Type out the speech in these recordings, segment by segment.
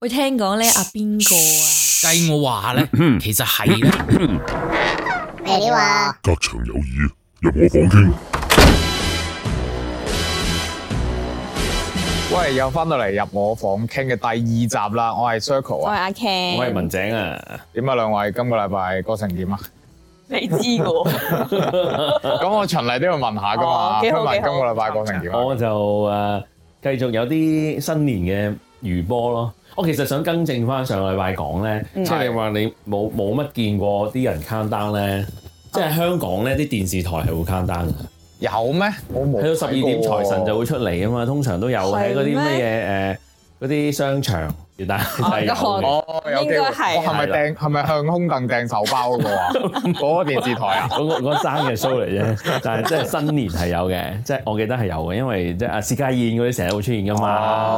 喂，聽講咧，阿邊個啊？計我話咧，其實係啦。咩話？隔牆有耳，入我房傾。喂，又翻到嚟入我房傾嘅第二集啦。我係 Circle 啊，我係阿 Can，我係文井啊。點解兩位今個禮拜過成點啊？你知噶？咁我循例都要問下噶嘛。今日今個禮拜過成點？我就誒，繼續有啲新年嘅餘波咯。我其實想更正翻上個禮拜講咧，即係、嗯、你話你冇冇乜見過啲人 count down 咧，oh。即係香港咧啲電視台係會 count down 嘅。有咩？冇？去到十二點財神就會出嚟啊嘛，通常都有喺嗰啲咩嘢嗰啲商場。但係有，哦，應該係，係咪掟係咪向空凳掟手包嘅啊？嗰個電視台啊，嗰個嗰生嘅 show 嚟啫，但係即係新年係有嘅，即係我記得係有嘅，因為即係啊，薛家燕嗰啲成日會出現噶嘛，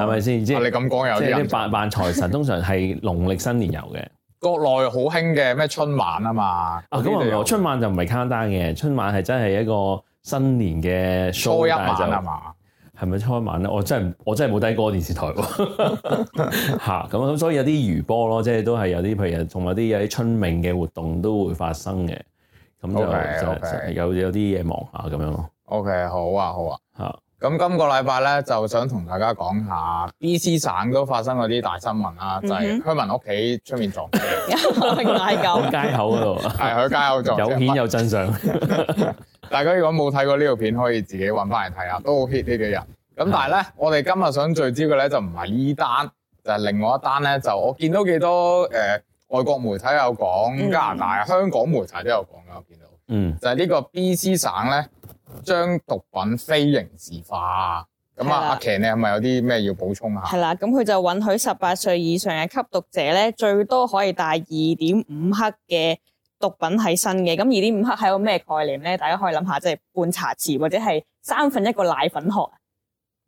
係咪先？即係你咁講有啲人，即係扮扮財神，通常係農曆新年有嘅。國內好興嘅咩春晚啊嘛，啊咁啊春晚就唔係卡單嘅，春晚係真係一個新年嘅 show，但係就。係咪初一晚咧？我真係，我真係冇低歌電視台喎。咁 咁、 嗯，所以有啲餘波咯，即係都係有啲，譬如同埋啲有啲春茗嘅活動都會發生嘅。咁就 okay, okay. 就有有啲嘢忙下咁樣咯。OK，好啊，好啊。嚇！ 咁今個禮拜咧，就想同大家講下 BC 省都發生嗰啲大新聞啊。Mm hmm. 就係居民屋企出面撞車，喺街口，街口嗰度，係喺街口撞，有片有真相。大家如果冇睇過呢條片，可以自己搵翻嚟睇下，都好 hit 呢幾日。咁但係咧，hmm. 我哋今日想聚焦嘅咧就唔係呢單，就係、就是、另外一單咧。就我見到幾多誒、呃、外國媒體有講、mm hmm. 加拿大、香港媒體都有講噶，我見到，嗯、mm，hmm. 就係呢個 BC 省咧，將毒品非刑事化，咁啊，的阿奇，你係咪有啲咩要補充下？係啦，咁佢就允許十八歲以上嘅吸毒者咧，最多可以帶二點五克嘅毒品喺身嘅。咁二點五克係個咩概念咧？大家可以諗下，即係半茶匙或者係三分一個奶粉殼。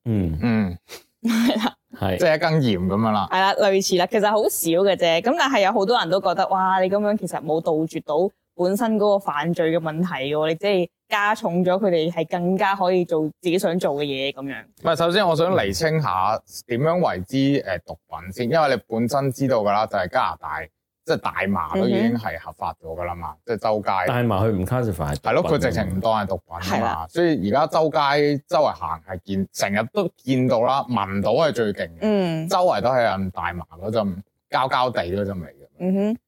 嗯嗯，係啦 的，係即係一羹鹽咁樣啦。係啦， 類似啦，其實好少嘅啫。咁但係有好多人都覺得，哇，你咁樣其實冇杜絕到。本身嗰個犯罪嘅問題喎，你即係加重咗佢哋係更加可以做自己想做嘅嘢咁樣。唔係，首先我想釐清下點、嗯、樣為之誒毒品先，因為你本身知道㗎啦，就係加拿大即係、就是、大麻都已經係合法咗㗎啦嘛，嗯、哼即係周街。大麻佢唔 classify 係咯，佢直情唔當係毒品啊嘛，的所以而家周街周圍行係見成日都見到啦，聞到係最勁嘅，嗯、周圍都係大麻嗰陣膠膠地嗰陣味嘅。嗯哼。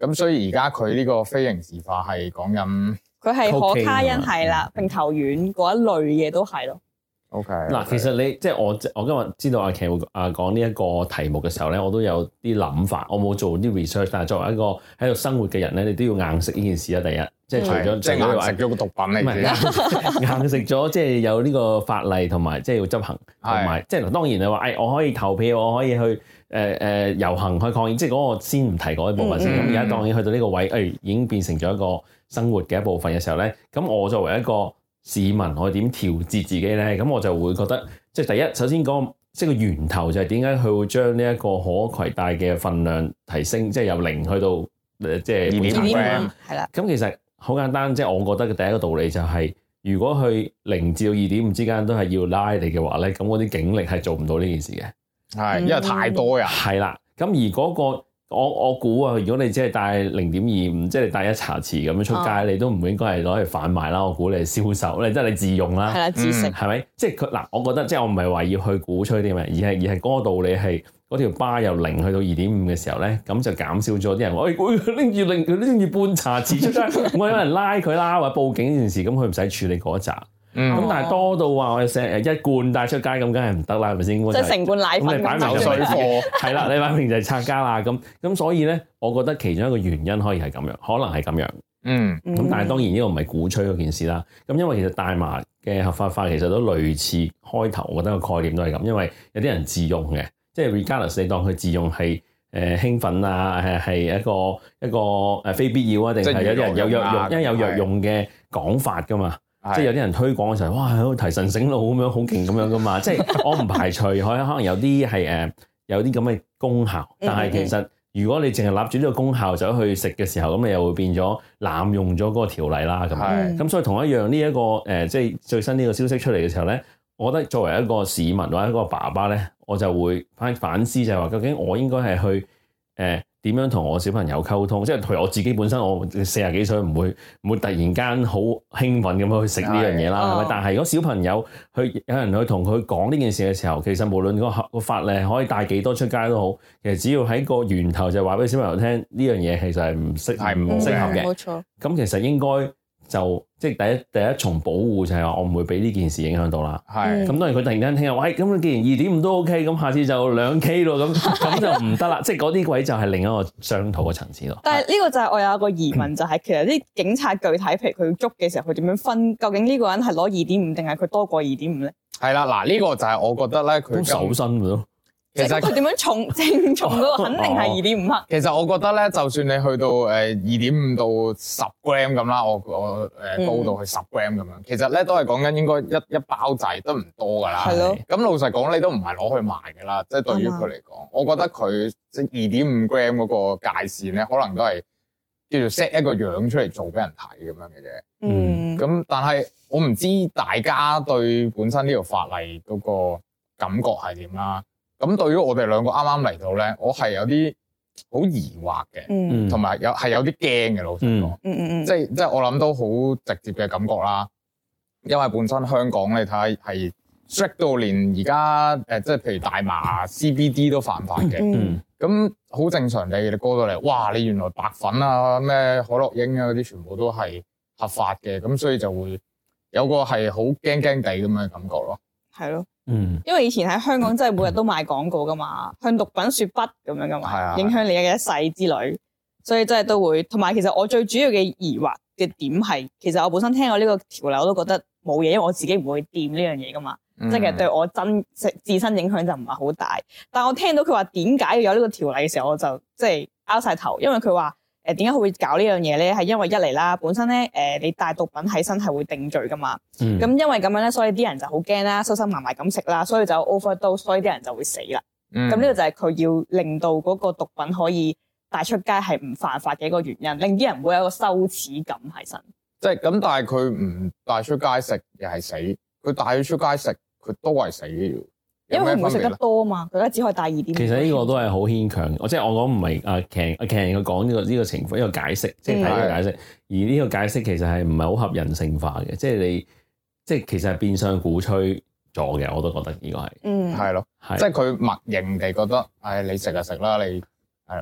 咁所以而家佢呢個非刑事化係講緊佢係可卡因係啦，並頭丸嗰一類嘢都係咯。O K，嗱其實你即係、就是、我我今日知道阿 Can 會講呢一個題目嘅時候咧，我都有啲諗法，我冇做啲 research，但係作為一個喺度生活嘅人咧，你都要硬識呢件事啊第一。即係除咗、嗯、即係硬食咗個毒品嚟，唔係是 硬食咗，即、就、係、是、有呢個法例同埋即係要執行，埋是，即係、就是、當然你話，誒、哎、我可以投票，我可以去誒誒、呃呃、遊行去抗議，即係嗰個先唔提嗰一部分先。咁而家當然去到呢個位，誒、哎、已經變成咗一個生活嘅一部分嘅時候咧，咁我作為一個市民，我點調節自己咧？咁我就會覺得，即、就、係、是、第一，首先嗰個即係個源頭就係點解佢會將呢一個可攜帶嘅份量提升，即、就、係、是、由零去到即係二點五，係啦。咁其實好簡單，即係我覺得嘅第一個道理就係，如果佢零至二點五之間都係要拉你嘅話咧，咁嗰啲警力係做唔到呢件事嘅，係因為太多呀。係啦，咁而嗰個我我估啊，如果你只係帶零點二五，即係你帶一茶匙咁樣出街，哦，你都唔應該係攞嚟販賣啦。我估你係銷售，你即係你自用啦，係啦，自食係咪？即係佢嗱，我覺得即係我唔係話要去鼓吹啲咩，而係而係嗰個道理係。嗰條巴由零去到二點五嘅時候咧，咁就減少咗啲人，我拎住拎住半茶匙出街， 冇有人拉佢啦，或者報警呢件事。咁佢唔使處理嗰一集。咁、嗯、但係多到話我哋成日一罐帶出街，咁梗係唔得啦，係咪先？即係、就是、成罐奶粉走水貨。係啦，你擺明就係拆家啦。咁咁所以咧，我覺得其中一個原因可以係咁樣，可能係咁樣。嗯。咁、嗯、但係當然呢個唔係鼓吹嗰件事啦。咁因為其實大麻嘅合法化其實都類似開頭，我覺得個概念都係咁，因為有啲人自用嘅。即係 regardless 你當佢自用係誒、呃、興奮啊，係係一個一個誒非必要啊，定係有人有藥用，因為有藥用嘅講法噶嘛。的即係有啲人推廣嘅時候，哇，提神醒腦咁樣，好勁咁樣噶嘛。 即係我唔排除，可能有啲係誒有啲咁嘅功效。但係其實如果你淨係立住呢個功效走去食嘅時候，咁你又會變咗濫用咗嗰個條例啦。咁的，咁所以同一樣呢一、這個誒、呃，即係最新呢個消息出嚟嘅時候咧，我覺得作為一個市民或者一個爸爸咧。我就會反反思，就係話究竟我應該係去誒點樣同我小朋友溝通，即係譬如我自己本身我四十幾歲唔會唔會突然間好興奮咁樣去食呢樣嘢啦，係咪？但係如果小朋友去有人去同佢講呢件事嘅時候，其實無論個個法例可以帶幾多出街都好，其實只要喺個源頭就話俾小朋友聽呢樣嘢其實係唔適係唔適合嘅。冇錯。咁其實應該。就即係第一第一重保護就係我唔會俾呢件事影響到啦。係咁的，當然佢突然間聽下，喂、哎，咁既然二點五都 OK，咁下次就兩 K 咯。咁咁就唔得啦。 即係嗰啲位就係另一個商討嘅層次咯。但係呢個就係我有一個疑問， 就係其實啲警察具體譬如佢捉嘅時候，佢點樣分？究竟呢個人係攞二點五定係佢多過二點五咧？係啦，嗱，呢個就係我覺得咧，佢好守身嘅咯。其實佢點樣重正重嗰個肯定係二點五克。其實我覺得咧，就算你去到誒二點五到十 gram 咁啦，我我誒、呃、高到去十 gram 咁樣，其實咧都係講緊應該一一包仔都唔多噶啦。係咯。咁老實講，你都唔係攞去賣噶啦。即係對於佢嚟講，我覺得佢即二點五 gram 嗰個界線咧，可能都係叫做 set 一個樣出嚟做俾人睇咁樣嘅啫。嗯。咁但係我唔知大家對本身呢條法例嗰個感覺係點啦。咁對於我哋兩個啱啱嚟到咧，我係有啲好疑惑嘅、嗯嗯，嗯，同埋有係有啲驚嘅老實講，嗯嗯嗯，即係即係我諗都好直接嘅感覺啦。因為本身香港你睇下係 strict 到連而家誒，即係譬如大麻、CBD 都犯法嘅，嗯，咁好正常。你哋過到嚟，哇！你原來白粉啊、咩可樂英啊嗰啲，全部都係合法嘅，咁所以就會有個係好驚驚地咁嘅感覺咯。係咯，嗯，因為以前喺香港真係每日都賣廣告噶嘛，嗯、向毒品說不咁樣噶嘛，嗯啊、影響你嘅一世之類，所以真係都會。同埋其實我最主要嘅疑惑嘅點係，其實我本身聽過呢個條例我都覺得冇嘢，因為我自己唔會掂呢樣嘢噶嘛，嗯、即係對我真自身影響就唔係好大。但係我聽到佢話點解要有呢個條例嘅時候，我就即係拗晒頭，因為佢話。誒點解會搞呢樣嘢咧？係因為一嚟啦，本身咧誒、呃、你帶毒品喺身係會定罪噶嘛。咁、嗯、因為咁樣咧，所以啲人就好驚啦，收收埋埋咁食啦，所以就 overdose 所以啲人就會死啦。咁呢個就係佢要令到嗰個毒品可以帶出街係唔犯法嘅一個原因，令啲人會有一個羞恥感喺身。即係咁，嗯、但係佢唔帶出街食又係死，佢帶佢出街食佢都係死。因為佢唔會食得多嘛，大家只可以帶二點。其實呢個都係好牽強，我即係我講唔係阿 Ken，阿 Ken 佢講呢個呢、呢個情況、呢個嗯、一個解釋，即係睇呢個解釋。而呢個解釋其實係唔係好合人性化嘅、就係，即係你即係其實變相鼓吹咗嘅，我都覺得呢個係。嗯，係咯係，係即係佢默認地覺得，哎、食食得唉，你食就食啦，你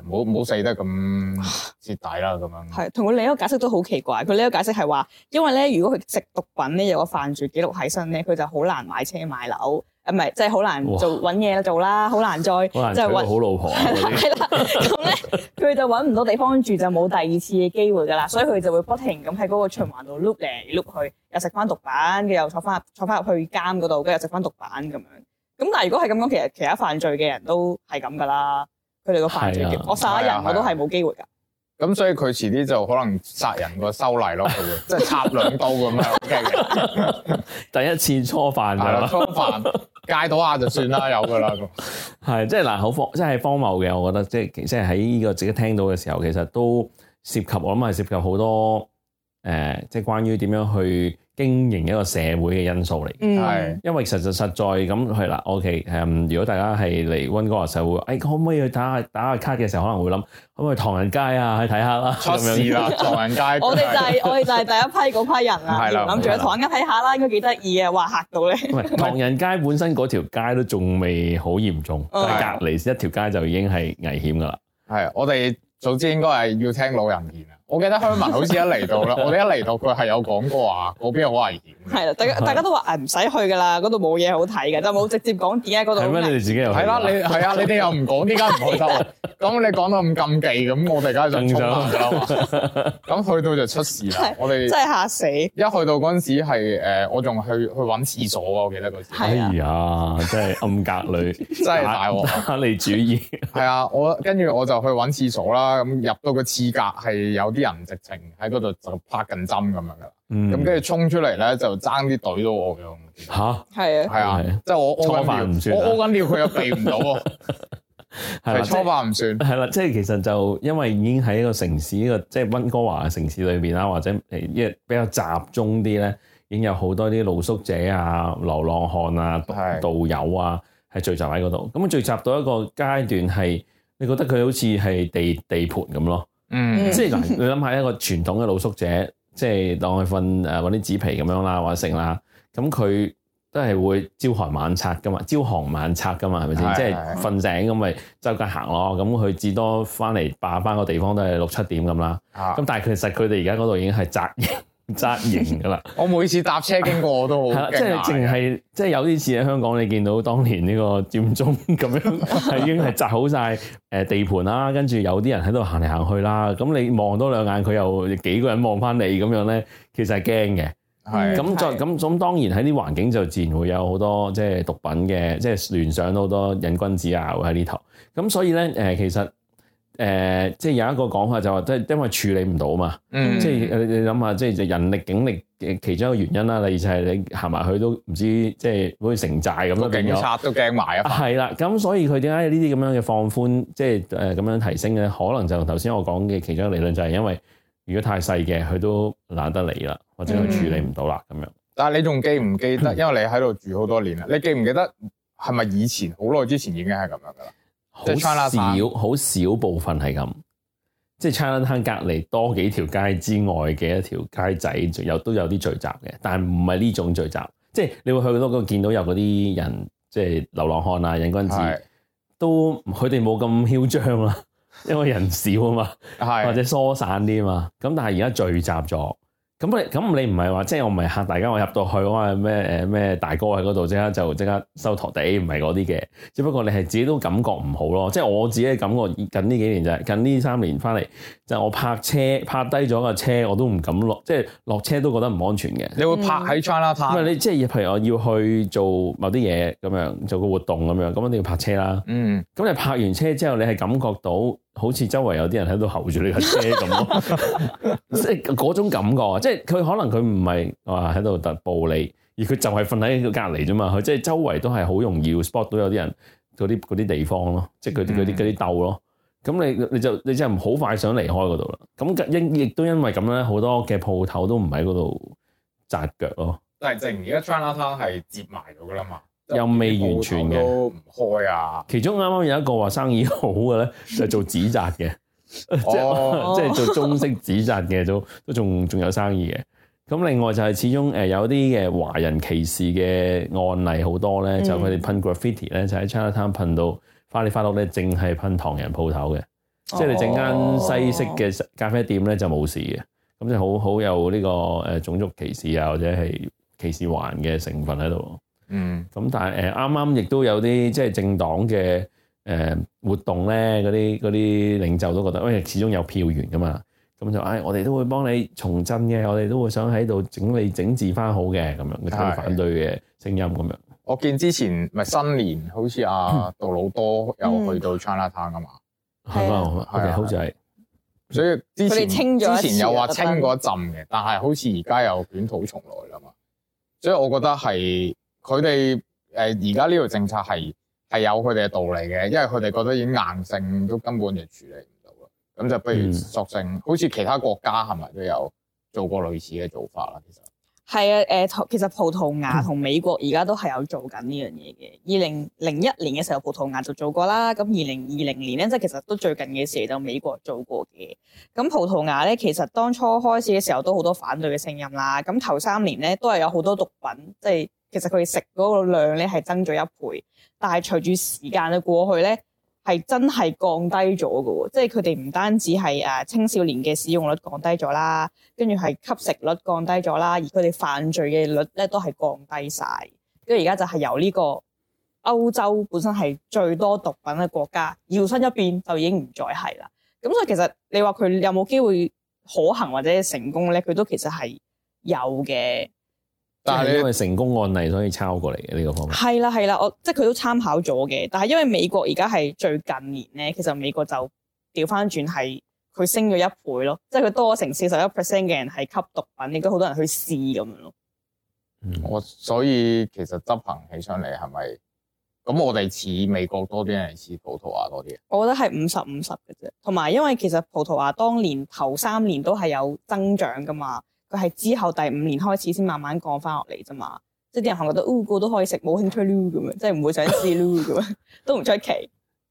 唔好唔好死得咁蝕底啦咁樣。係同佢另一個解釋都好奇怪，佢另一個解釋係話，因為咧，如果佢食毒品咧，有個犯罪記錄喺身咧，佢就好難買車買樓。唔係，即係好難做揾嘢哇做啦，好難再即係好老婆。係啦，咁咧佢就揾唔到地方住，就冇第二次嘅機會噶啦，所以佢就會不停咁喺嗰個循環度碌嚟碌去，又食翻毒品，佢又坐翻坐翻入，入去監嗰度，跟住又食翻毒品咁樣。咁但係如果係咁講，其實其他犯罪嘅人都係咁噶啦，佢哋個犯罪嘅我、啊哦、殺人、啊啊、我都係冇機會㗎。咁、啊啊、所以佢遲啲就可能殺人個修例囉佢會，即係 插兩刀咁樣 OK 第一次初犯就 初犯。 戒到下就算啦，有噶啦，咁， 係即係嗱，好荒，即係荒謬嘅，我覺得即係即係喺呢個自己聽到嘅時候，其實都涉及我諗係涉及好多。誒、呃，即係關於點樣去經營一個社會嘅因素嚟，係、嗯、因為實實實在咁係啦。O K，誒，如果大家係嚟溫哥華社會誒、哎，可唔可以去打下打下卡嘅時候，可能會諗可唔可以唐人街啊去睇下啦？出事啦，唐人街！ 我哋就係、是、 我哋就係、是、 第一批嗰批人啦，諗住去唐人街睇下啦，應該幾得意嘅，話吓到你。唐人街本身嗰條街都仲未好嚴重， 但隔籬一條街就已經係危險噶啦。係，我哋早知應該係要聽老人言我記得香文好似一嚟到啦，我哋一嚟到佢係有講過啊，嗰邊好危險。係啦，大家大家都話誒唔使去噶啦，嗰度冇嘢好睇嘅，就冇直接講點解嗰度。係咩？你哋自己又係啦，你係啊，你哋又唔講，點解唔開心啊？咁你講到咁禁忌咁，我哋而家就唔到。咁去到就出事啦，我哋真係嚇死！一去到嗰陣時係誒，我仲去去揾廁所，我記得嗰時。係 啊，真係暗格女，真係大鑊。你主意係啊，我跟住我就去揾廁所啦，咁入到個廁格係有啲。人直情喺嗰度就拍緊針咁樣噶啦，咁跟住衝出嚟咧就爭啲隊到我用吓？係啊，係、嗯、啊、啊、啊、啊、啊，即係我我緊尿，我緊尿佢又避唔到喎，係初犯唔算，係啦，即係其實就因為已經喺一個城市，呢個即係溫哥華嘅城市裏邊啦，或者誒一比較集中啲咧，已經有好多啲露宿者啊、流浪漢啊、道友啊，係聚集喺嗰度，咁啊聚集到一個階段係，你覺得佢好似係地地、地盤咁咯？嗯， 即係嗱，你諗下一個傳統嘅露宿者，即係當佢瞓誒搵啲紙皮咁樣啦，或者剩啦，咁佢都係會朝寒晚拆噶嘛，朝寒晚拆噶嘛，係咪先？即係瞓醒咁咪周街行咯，咁佢至多翻嚟霸翻個地方都係六七點咁啦，咁、啊、但係其實佢哋而家嗰度已經係紮 紮營㗎啦！ 我每次搭車經過我都好驚 即係淨係即係有啲似喺香港，你見到當年呢個佔中咁樣係已經係紮好晒誒地盤啦，跟住有啲人喺度行嚟行去啦。咁你望多兩眼，佢又幾個人望翻你咁樣咧，其實係驚嘅。係咁再咁咁，當然喺啲環境就自然會有好多即係毒品嘅，即係聯想到好多癮君子啊，會喺呢頭。咁所以咧誒、呃，其實。誒、呃，即係有一個講法就話都係因為處理唔到嘛，嗯、即係你你諗下，即係就人力、警力嘅其中一個原因啦。例如就係你行埋去都唔知，即係好似城寨咁樣，警察都驚埋啊。係啦，咁所以佢點解呢啲咁樣嘅放寬，即係誒咁樣提升嘅可能就頭先我講嘅其中一個理論就係因為如果太細嘅，佢都懶得嚟啦，或者佢處理唔到啦咁樣。但係你仲記唔記得？ 因為你喺度住好多年啦，你記唔記得係咪以前好耐之前已經係咁樣噶啦？好少，好少部分係咁，即係 Chinatown 隔離多幾條街之外嘅一條街仔，有都有啲聚集嘅，但係唔係呢種聚集，即係你會去到嗰個見到有嗰啲人，即係流浪漢啊、癮君子，是都佢哋冇咁囂張啦，因為人少啊嘛， 是或者疏散啲啊嘛，咁但係而家聚集咗。咁、就是、我咁你唔係話，即係我唔係嚇大家我入到去，我話咩誒咩大哥喺嗰度即刻就即刻收台地，唔係嗰啲嘅。只不過你係自己都感覺唔好咯，即、就、係、是、我自己嘅感覺近呢幾年就係、是、近呢三年翻嚟就是、我泊車泊低咗個車我都唔敢落，即、就、係、是、落車都覺得唔安全嘅。你會泊喺車啦，泊、嗯。係你即係譬如我要去做某啲嘢咁樣做個活動咁樣，咁一定要泊車啦。嗯，咁就泊完車之後，你係感覺到。好似周圍有啲人喺度候住你架車咁咯、 就是，即係嗰種感覺啊！即係佢可能佢唔係話喺度突暴利，而佢就係瞓喺個隔離啫嘛。佢即係周圍都係好容易 spot 到有啲人嗰啲啲地方咯，即係佢啲啲啲竇咯。咁、嗯、你你就你就唔好快想離開嗰度啦。咁因亦都因為咁咧，好多嘅鋪頭都唔喺嗰度紮腳咯。但係正如而家 t r a n a t o 係接埋咗啦嘛。又未完全嘅，唔開啊？其中啱啱有一個話生意好嘅咧，就 做紙紮嘅， 即係、oh. 做中式紙紮嘅都都仲仲有生意嘅。咁另外就係始終誒、呃、有啲嘅華人歧視嘅案例好多咧、mm.，就佢哋噴 graffiti 咧，就喺 China Town 噴到花里花落咧，淨係噴唐人鋪頭嘅，oh. 即係你整間西式嘅咖啡店咧就冇事嘅。咁就好好有呢、這個誒、呃、種族歧視啊，或者係歧視華人嘅成分喺度。嗯，咁但係誒啱啱亦都有啲即係政黨嘅誒活動咧，嗰啲啲領袖都覺得，喂，始終有票源㗎嘛，咁就誒、哎，我哋都會幫你重振嘅，我哋都會想喺度整理整治返好嘅，咁樣嘅反對嘅聲音咁樣。我見之前咪新年，好似阿杜魯多有去到 China Town 啊、嗯、嘛，係啊是，好似係，所以之前之前有話清過陣嘅，但係好似而家又捲土重來㗎嘛，所以我覺得係。 佢哋誒而家呢條政策係係有佢哋嘅道理嘅，因為佢哋覺得已經硬性都根本就處理唔到啦，咁就不如索性、嗯、好似其他國家係咪都有做過類似嘅做法啦？其實係啊，誒、呃、其實葡萄牙同美國而家都係有做緊呢樣嘢嘅。二零零一年嘅時候，葡萄牙就做過啦。咁二零二零年咧，即係其實都最近嘅事就美國做過嘅。咁葡萄牙咧，其實當初開始嘅時候都好多反對嘅聲音啦。咁頭三年咧，都係有好多毒品即係。其實佢哋食嗰個量咧係增咗一倍，但係隨住時間嘅過去咧，係真係降低咗㗎喎。即係佢哋唔單止係誒、啊、青少年嘅使用率降低咗啦，跟住係吸食率降低咗啦，而佢哋犯罪嘅率咧都係降低晒。跟住而家就係由呢個歐洲本身係最多毒品嘅國家搖身一變就已經唔再係啦。咁所以其實你話佢有冇機會可行或者成功咧？佢都其實係有嘅。但係因為成功案例所以抄過嚟嘅呢個方法。係啦係啦，我即係佢都參考咗嘅。但係因為美國而家係最近年咧，其實美國就調翻轉係佢升咗一倍咯，即係佢多成四十一 percent 嘅人係吸毒品，亦都好多人去試咁樣咯。嗯，我所以其實執行起上嚟係咪咁？我哋似美國多啲，還似葡萄牙多啲啊？我覺得係五十五十嘅啫。同埋因為其實葡萄牙當年頭三年都係有增長噶嘛。佢係之後第五年開始先慢慢降翻落嚟啫嘛，即係啲人可能覺得，哦，個個都可以食，冇興趣囉咁樣，即係唔會想試囉咁樣， 都唔出奇。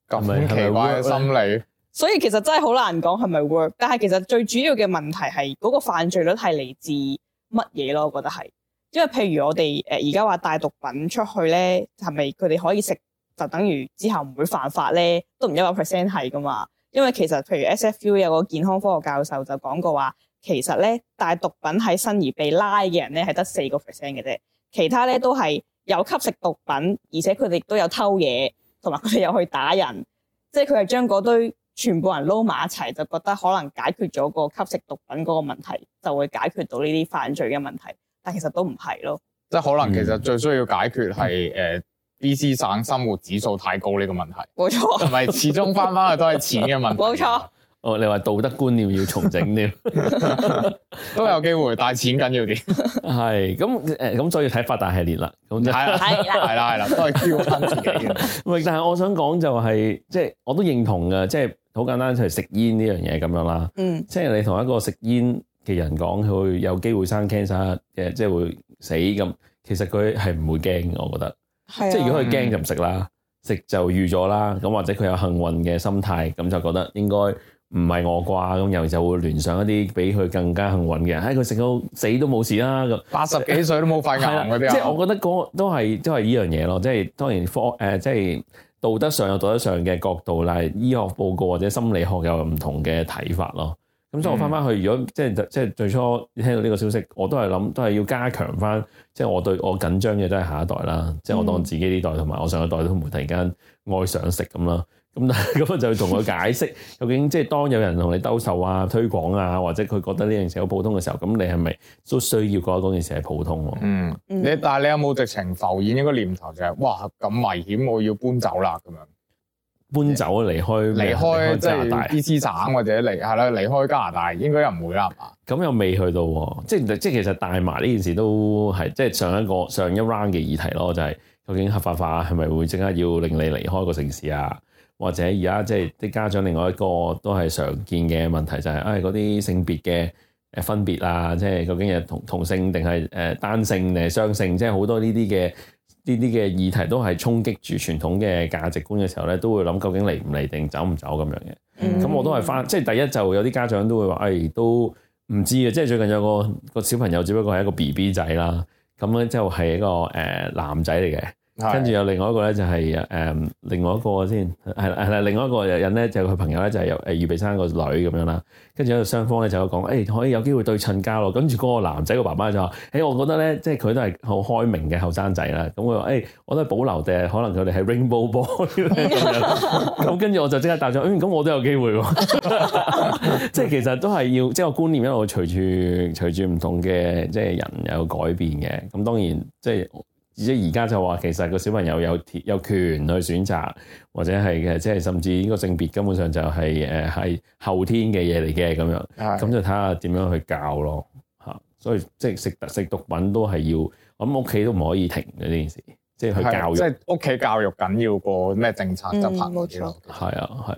咁奇怪嘅心理。係咪，係咪所以其實真係好難講係咪 work，但係其實最主要嘅問題係嗰個犯罪率係嚟自乜嘢咯？我覺得係，因為譬如我哋誒而家話帶毒品出去咧，係咪佢哋可以食就等於之後唔會犯法咧？都唔有一百 percent 係噶嘛，因為其實譬如 S F U 有個健康科學教授就講過話。其實咧帶毒品喺身而被拉嘅人咧係得四個 percent 嘅啫，其他咧都係有吸食毒品，而且佢哋都有偷嘢，同埋佢哋有去打人，即係佢係將嗰堆全部人撈埋一齊，就覺得可能解決咗個吸食毒品嗰個問題，就會解決到呢啲犯罪嘅問題，但其實都唔係咯。即係可能其實最需要解決係誒、嗯呃、BC 省生活指數太高呢個問題，冇錯，同埋始終翻翻去都係錢嘅問題，冇 錯。哦，你話道德觀念要重整啲。 都有機會帶錢緊要啲。係， 咁誒，咁、呃、所以睇發達系列啦。咁係啦，係啦 的，係啦， 都係挑翻自己。唔係，但係我想講就係、是，即、就、係、是、我都認同嘅，即係好簡單，就係食煙呢樣嘢咁樣啦。嗯，即係你同一個食煙嘅人講，佢有機會生 cancer，誒，即、就、係、是、會死咁。其實佢係唔會驚，我覺得。係、啊。即係如果佢驚就唔食啦，食就預咗啦。咁或者佢有幸運嘅心態，咁就覺得應該。唔係我啩，咁，有就會聯想一啲比佢更加幸運嘅人。唉、哎，佢食到死都冇事啦。八十幾歲都冇塊牙，係啦。即係我覺得都係都係依樣嘢咯。即係當然科誒、呃，即係道德上有道德上嘅角度啦，醫學報告或者心理學有唔同嘅睇法咯。咁所以我翻翻去，嗯、如果即係即係最初聽到呢個消息，我都係諗，都係要加強翻。即係我對我緊張嘅都係下一代啦。即係我當自己呢代同埋我上一代都唔會突然間愛上食咁啦。咁但咁就要同佢解釋究竟即係當有人同你兜售啊、推廣啊，或者佢覺得呢件事好普通嘅時候，咁你係咪都需要覺得嗰件事係普通？嗯，你但係你有冇直情浮現一個念頭就係、是、哇咁危險，我要搬走啦，咁樣搬走啊，離開離開加拿大啲 BC 省或者離係啦離開加拿大應該又唔會啦係嘛？咁又未去到，即係即係其實帶埋呢件事都係即係上一個上一 round 嘅議題咯，就係、是、究竟合法化係咪會即刻要令你離開個城市啊？或者而家即係啲家長另外一個都係常見嘅問題就、哎啊，就係誒嗰啲性別嘅誒分別啊，即係究竟係同同性定係誒單性定係雙性，即係好多呢啲嘅呢啲嘅議題都係衝擊住傳統嘅價值觀嘅時候咧，都會諗究竟嚟唔嚟定走唔走咁樣嘅。咁、mm hmm. 我都係翻，即、就、係、是、第一就有啲家長都會話：，誒、哎、都唔知啊！即、就、係、是、最近有個個小朋友，只不過係一個 BB 仔啦，咁咧之後係一個誒、呃、男仔嚟嘅。跟住有另外一個咧、就係，就係誒另外一個先，係係另外一個人咧，就佢朋友咧，就係有誒預備生個女咁樣啦。跟住喺度雙方咧就有講，誒、哎、可以有機會對襯交咯。跟住嗰個男仔個爸爸就話：，誒、哎、我覺得咧，即係佢都係好開明嘅後生仔啦。咁佢話：，誒我都係保留嘅，可能佢哋係 Rainbow Boy。咁跟住我就刻、哎、我 即刻答咗，嗯，咁我都有機會即係其實都係要，即係個觀念一隨，因為隨住隨住唔同嘅即係人有改變嘅。咁當然即係。即而家就話其實個小朋友有有權去選擇，或者係嘅，即係甚至呢個性別根本上就係誒係後天嘅嘢嚟嘅咁樣，咁的就睇下點樣去教咯嚇、啊。所以即係食食毒品都係要，我諗屋企都唔可以停呢件事，即係去教育。即係屋企教育緊要過咩政策執行嗰啲咯。係啊、嗯，係。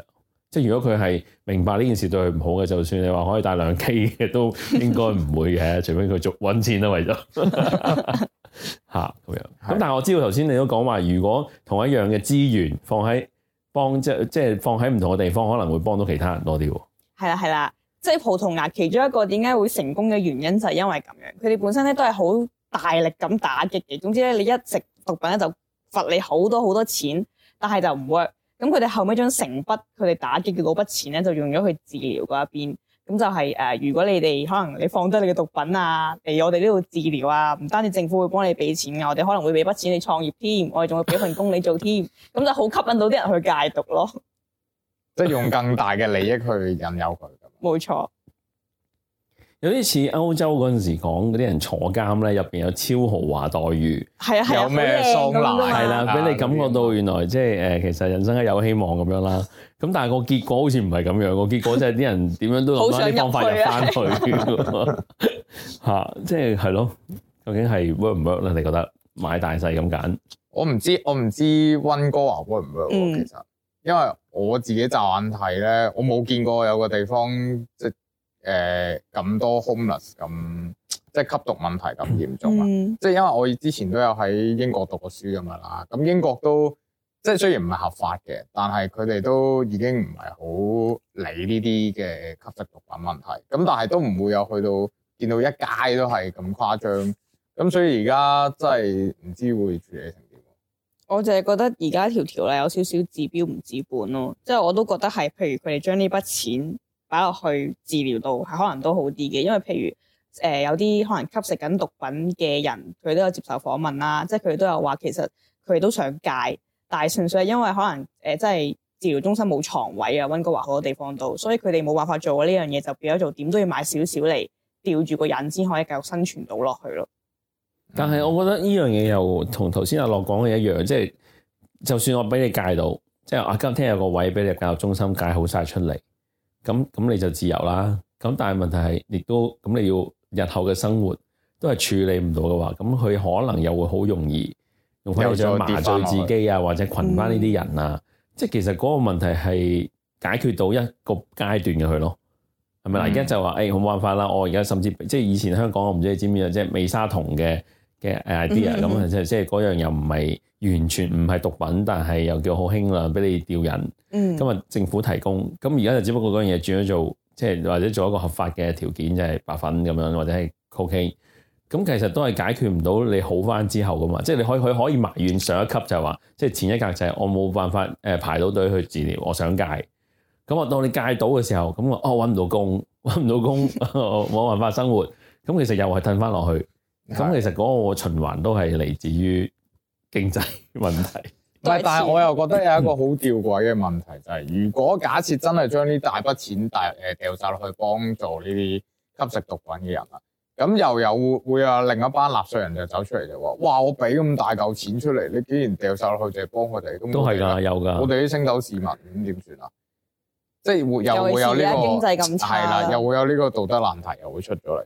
即係如果佢係明白呢件事對佢唔好嘅，就算你話可以大量 K 嘅，都應該唔會嘅，除非佢做揾錢啦為咗。 吓咁樣，咁、啊、的但係我知道頭先你都講話，如果同一樣嘅資源放喺幫即即係放喺唔同嘅地方，可能會幫到其他人多啲。係啦係啦，即係葡萄牙其中一個點解會成功嘅原因就係因為咁樣，佢哋本身咧都係好大力咁打擊嘅。總之咧，你一食毒品咧就罰你好多好多錢，但係就唔 work。咁佢哋後尾將成筆佢哋打擊嘅嗰筆錢咧，就用咗去治療嗰一邊。咁就係、是、誒、呃，如果你哋可能你放低你嘅毒品啊，嚟我哋呢度治療啊，唔單止政府會幫你俾錢啊，我哋可能會俾筆錢你創業添、啊，我哋仲會俾份工你做添、啊，咁就好吸引到啲人去戒毒咯、啊。即係用更大嘅利益去引誘佢。冇 錯。有啲似歐洲嗰陣時講嗰啲人坐監咧，入邊有超豪華待遇，係啊係、啊、有咩桑拿係啦，俾、啊、你感覺到原來即係誒，其實人生係有希望咁樣啦。咁但係個結果好似唔係咁樣個結果，即係啲人點樣都諗翻啲方法入翻去，吓即係係咯。究竟係 work 唔 work 咧？你覺得買大細咁揀？我唔知有有，我唔知溫哥華 work 唔 work。其實因為我自己驟眼睇咧，我冇見過有個地方即、就是誒咁、呃、多 homeless 咁，即係吸毒問題咁嚴重啊！嗯、即係因為我之前都有喺英國讀過書咁啦，咁英國都即係雖然唔係合法嘅，但係佢哋都已經唔係好理呢啲嘅吸食毒，毒品問題。咁但係都唔會有去到見到一街都係咁誇張。咁所以而家真係唔知會處理成點。我就係覺得而家條條例有少少治標唔治本咯。即係我都覺得係，譬如佢哋將呢筆錢，擺落去治療到，係可能都好啲嘅，因為譬如誒、呃、有啲可能吸食緊毒品嘅人，佢都有接受訪問啦，即係佢都有話其實佢都想戒，但係純粹係因為可能誒即係治療中心冇床位啊，溫哥華好多地方都，所以佢哋冇辦法做啊呢樣嘢，就變咗做點都要買少少嚟吊住個引先可以繼續生存到落去咯。嗯、但係我覺得呢樣嘢又同頭先阿樂講嘅一樣，即、就、係、是、就算我俾你戒到，即係我今日聽有個位俾你戒，中心戒好晒出嚟。咁咁你就自由啦，咁但係問題係亦都咁你要日後嘅生活都係處理唔到嘅話，咁佢可能又會好容易用翻啲嘢麻醉自己啊，或者群翻呢啲人啊，嗯、即係其實嗰個問題係解決到一個階段嘅佢咯，係咪嗱？而家、嗯、就話誒冇辦法啦、啊，我而家甚至即係以前香港我唔知你知唔知啊，即係美沙酮嘅嘅 idea 咁啊、嗯，嗯、即係即係嗰樣又唔係。完全唔係毒品，但係又叫好輕量，俾你吊人。咁啊、嗯，今日政府提供咁而家就只不過嗰樣嘢轉咗做，即係或者做一個合法嘅條件，就係、是、白粉咁樣，或者係 O K。咁其實都係解決唔到你好翻之後噶嘛。即係你可以可以可以埋怨上一級就，就係話即係前一格就係我冇辦法誒排到隊去治療，我想戒。咁我當你戒到嘅時候，咁我哦揾唔到工，揾唔到工，冇 辦法生活。咁其實又係褪翻落去。咁其實嗰個循環都係嚟自於。經濟問題，唔係，但係我又覺得有一個好吊詭嘅問題，就是，就係如果假設真係將呢大筆錢大誒掉晒落去幫助呢啲吸食毒品嘅人啦，咁又有會有另一班納稅人就走出嚟就話，哇！我俾咁大嚿錢出嚟，你竟然掉晒落去就幫，就係幫佢哋，都係噶，有噶。我哋啲星斗市民咁點算啊？即係又會有呢個經濟咁差，係啦，又會有呢、這個、個道德難題又會出咗嚟。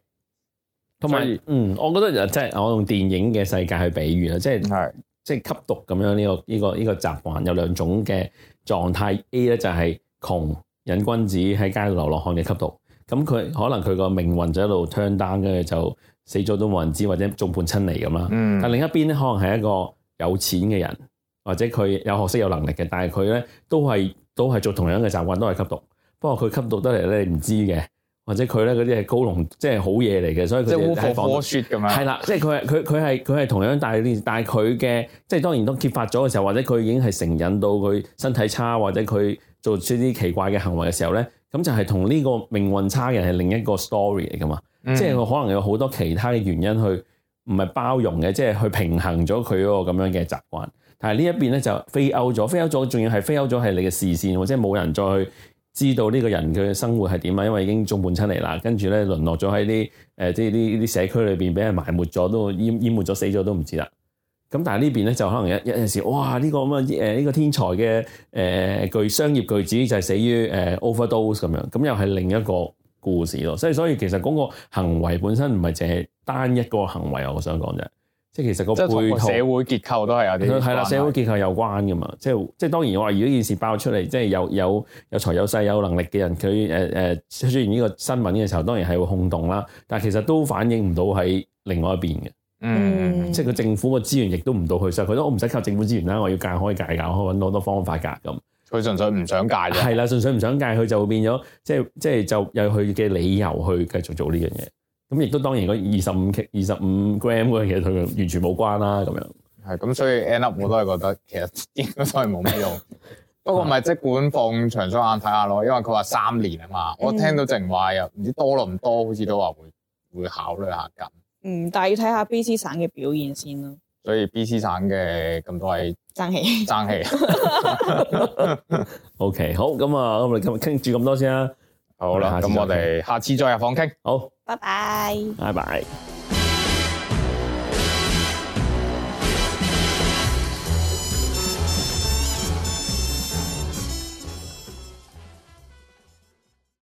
同埋有，以嗯，我覺得就即、是、係我用電影嘅世界去比喻啦，即係係。是即係吸毒咁樣呢、呢個呢、呢個呢、呢個呢個習慣有兩種嘅狀態 A 咧就係窮隱君子喺街度流落漢嘅吸毒，咁、嗯、佢可能佢個命運就喺度 turn down，跟住就死咗都冇人知，或者眾叛親離咁啦。嗯、但另一邊咧可能係一個有錢嘅人，或者佢有學識有能力嘅，但係佢咧都係都係做同樣嘅習慣，都係吸毒。不過佢吸毒得嚟咧你唔知嘅。或者佢咧嗰啲係高濃，即係好嘢嚟嘅，所以佢哋係放雪咁啊。係啦， 即係佢佢佢係佢係同樣帶有啲，但係佢嘅即係當然都揭發咗嘅時候，或者佢已經係成癮到佢身體差，或者佢做出啲奇怪嘅行為嘅時候咧，咁就係同呢個命運差嘅係另一個 story 嚟噶嘛。嗯、即係佢可能有好多其他嘅原因去唔係包容嘅，即係去平衡咗佢嗰個咁樣嘅習慣。但係呢一邊咧就非歐咗，非歐咗，仲要係非歐咗係你嘅視線，或者冇人再去。知道呢個人佢嘅生活係點啊？因為已經縱叛出嚟啦，跟住咧淪落咗喺啲誒啲啲啲社區裏邊，俾人埋沒咗，都淹淹沒咗，死咗都唔知啦。咁但係呢邊咧就可能有有陣時，哇！呢、呢個咁嘅誒呢個天才嘅誒巨商業巨子就係死於誒、呃、overdose 咁樣，咁又係另一個故事咯。所以所以其實嗰個行為本身唔係淨係單一個行為啊，我想講啫。即係其實個背社會結構都有係有啲，係啦，社會結構有關噶嘛。即係即係當然，我話如果件事爆出嚟，即係有有有財有勢有能力嘅人，佢誒誒出現呢個新聞嘅時候，當然係會轟動啦。但係其實都反映唔到喺另外一邊嘅，嗯，即係個政府嘅資源亦都唔到去。所以佢都我唔使靠政府資源啦，我要戒可以戒噶，我揾好多方法噶咁。佢純粹唔想戒，係啦，嗯，純粹唔想戒，佢就會變咗即係即係就有佢嘅理由去繼續做呢樣嘢。咁亦都當然，二十五克、二十五 gram 嗰啲，其實佢完全冇關啦，咁樣。係，咁所以 end up 我都係覺得，其實應該都係冇咩用。 不過咪即管放長雙眼睇下咯，因為佢話三年啊嘛。我聽到靜話又唔知多倫多好似都話會會考慮下咁。嗯，但係要睇下 BC 省嘅表現先咯。所以 BC 省嘅咁多係爭氣，爭氣。OK，好咁啊，咁我哋今日傾住咁多先啦。好啦，咁我哋下次再入房傾。好，拜拜，拜拜。